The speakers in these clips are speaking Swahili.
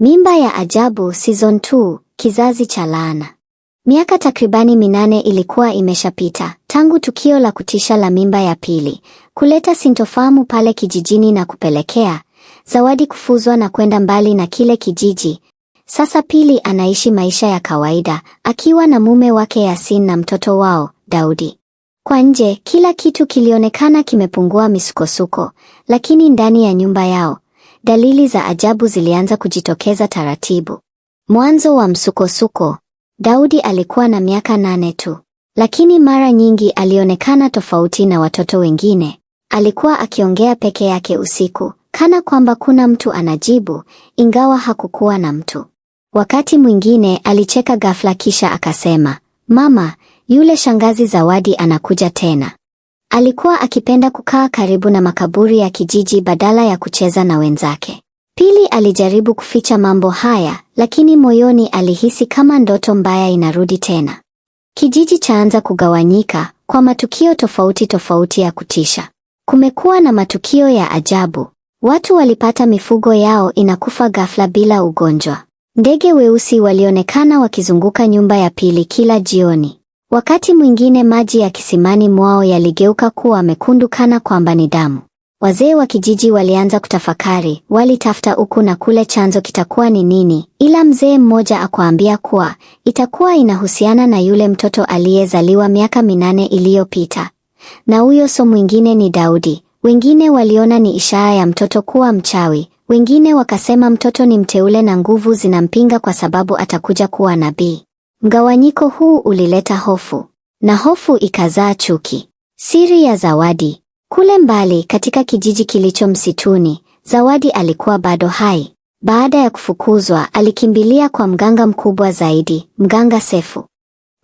Mimba ya Ajabu Season 2 Kizazi cha Laana. Miaka takribani minane ilikuwa imeshapita tangu tukio la kutisha la mimba ya pili kuleta sintofahamu pale kijijini na kupelekea Zawadi kufuzwa na kwenda mbali na kile kijiji. Sasa Pili anaishi maisha ya kawaida akiwa na mume wake Yasin na mtoto wao Daudi. Kwa nje kila kitu kilionekana kimepungua misukosuko, lakini ndani ya nyumba yao dalili za ajabu zilianza kujitokeza taratibu. Mwanzo wa msukosuko. Daudi alikuwa na miaka nane tu, lakini mara nyingi alionekana tofauti na watoto wengine. Alikuwa akiongea peke yake usiku, kana kwamba kuna mtu anajibu, ingawa hakukuwa na mtu. Wakati mwingine alicheka ghafla, kisha akasema, mama, yule shangazi Zawadi anakuja tena. Alikuwa akipenda kukaa karibu na makaburi ya kijiji badala ya kucheza na wenzake. Pili alijaribu kuficha mambo haya, lakini moyoni alihisi kama ndoto mbaya inarudi tena. Kijiji chaanza kugawanyika kwa matukio tofauti tofauti ya kutisha. Kumekuwa na matukio ya ajabu. Watu walipata mifugo yao inakufa ghafla bila ugonjwa. Ndege weusi walionekana wakizunguka nyumba ya pili kila jioni. Wakati mwingine maji ya kisimani mwao yaligeuka kuwa mekundu kana kwamba ni damu. Wazee wa kijiji walianza kutafakari, walitafuta huku na kule chanzo kitakuwa ni nini, ila mzee mmoja akwaambia kuwa itakuwa inahusiana na yule mtoto aliyezaliwa miaka minane iliyopita, na huyo so mwingine ni Daudi. Wengine waliona ni ishara ya mtoto kuwa mchawi, wengine wakasema mtoto ni mteule na nguvu zinampinga kwa sababu atakuja kuwa nabii. Mgawanyiko huu ulileta hofu na hofu ikazaa chuki. Siri ya Zawadi. Kule mbali katika kijiji kilicho msituni, Zawadi alikuwa bado hai. Baada ya kufukuzwa, alikimbilia kwa mganga mkubwa zaidi, mganga Sefu.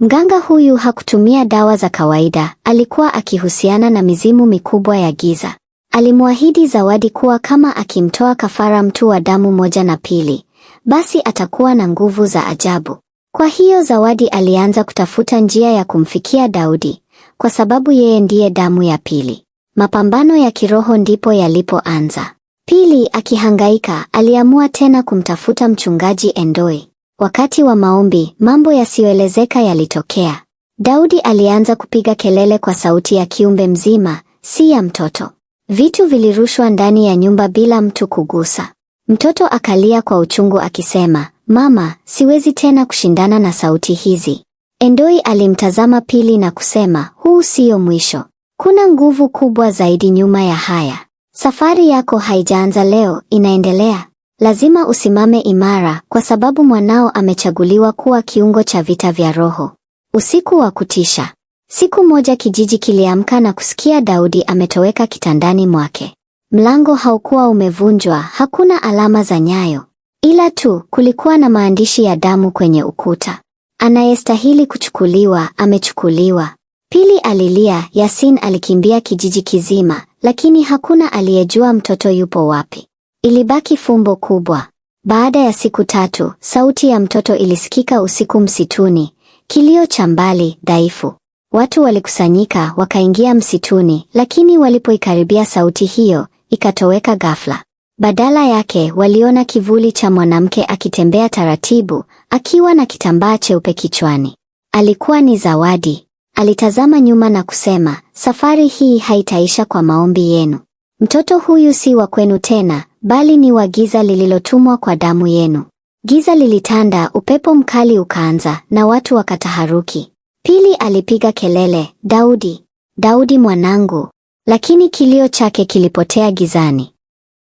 Mganga huyu hakutumia dawa za kawaida, alikuwa akihusiana na mizimu mikubwa ya giza. Alimwahidi Zawadi kuwa kama akimtoa kafara mtu wa damu moja na pili, basi atakuwa na nguvu za ajabu. Kwa hiyo Zawadi alianza kutafuta njia ya kumfikia Daudi kwa sababu yeye ndiye damu ya pili. Mapambano ya kiroho ndipo yalipoanza. Pili akihangaika, aliamua tena kumtafuta mchungaji Endoi. Wakati wa maombi, mambo yasiyoelezeka yalitokea. Daudi alianza kupiga kelele kwa sauti ya kiumbe mzima, si ya mtoto. Vitu vilirushwa ndani ya nyumba bila mtu kugusa. Mtoto akalia kwa uchungu akisema, Mama, siwezi tena kushindana na sauti hizi. Endoi alimtazama Pili na kusema, huu siyo mwisho. Kuna nguvu kubwa zaidi nyuma ya haya. Safari yako haijaanza leo, inaendelea. Lazima usimame imara, kwa sababu mwanao amechaguliwa kuwa kiungo cha vita vya roho. Usiku wa kutisha. Siku moja kijiji kiliamka na kusikia Daudi ametoweka kitandani mwake. Mlango haukuwa umevunjwa, hakuna alama za nyayo, ila tu kulikuwa na maandishi ya damu kwenye ukuta. Anayestahili kuchukuliwa amechukuliwa. Pili alilia, Yasin alikimbia kijiji kizima, lakini hakuna aliyejua mtoto yupo wapi. Ilibaki fumbo kubwa. Baada ya siku tatu, sauti ya mtoto ilisikika usiku msituni, kilio cha mbali dhaifu. Watu walikusanyika wakaingia msituni, lakini walipoikaribia sauti hiyo ikatoweka ghafla. Badala yake waliona kivuli cha mwanamke akitembea taratibu, akiwa na kitambaa cheupe kichwani. Alikuwa ni Zawadi. Alitazama nyuma na kusema, safari hii haitaisha kwa maombi yenu. Mtoto huyu si wa kwenu tena, bali ni wa giza lililotumwa kwa damu yenu. Giza lilitanda, upepo mkali ukaanza, na watu wakataharuki. Pili alipiga kelele, Daudi, Daudi mwanangu, lakini kilio chake kilipotea gizani.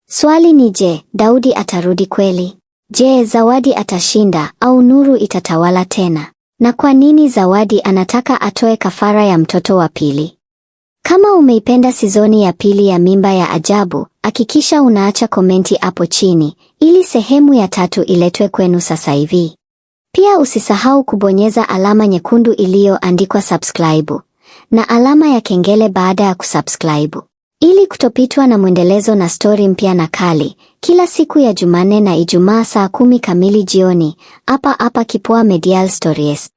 Swali ni je, Daudi atarudi kweli? Je, Zawadi atashinda au Nuru itatawala tena? Na kwa nini Zawadi anataka atoe kafara ya mtoto wa pili? Kama umeipenda sizoni ya pili ya Mimba ya Ajabu, hakikisha unaacha komenti hapo chini ili sehemu ya tatu iletwe kwenu sasa hivi. Pia usisahau kubonyeza alama nyekundu iliyoandikwa subscribe na alama ya kengele baada ya kusubscribe. Ili kutopitwa na mwendelezo na stori mpya na kali, kila siku ya Jumanne na Ijumaa saa kumi kamili jioni, hapa hapa Kipua Medial Stories.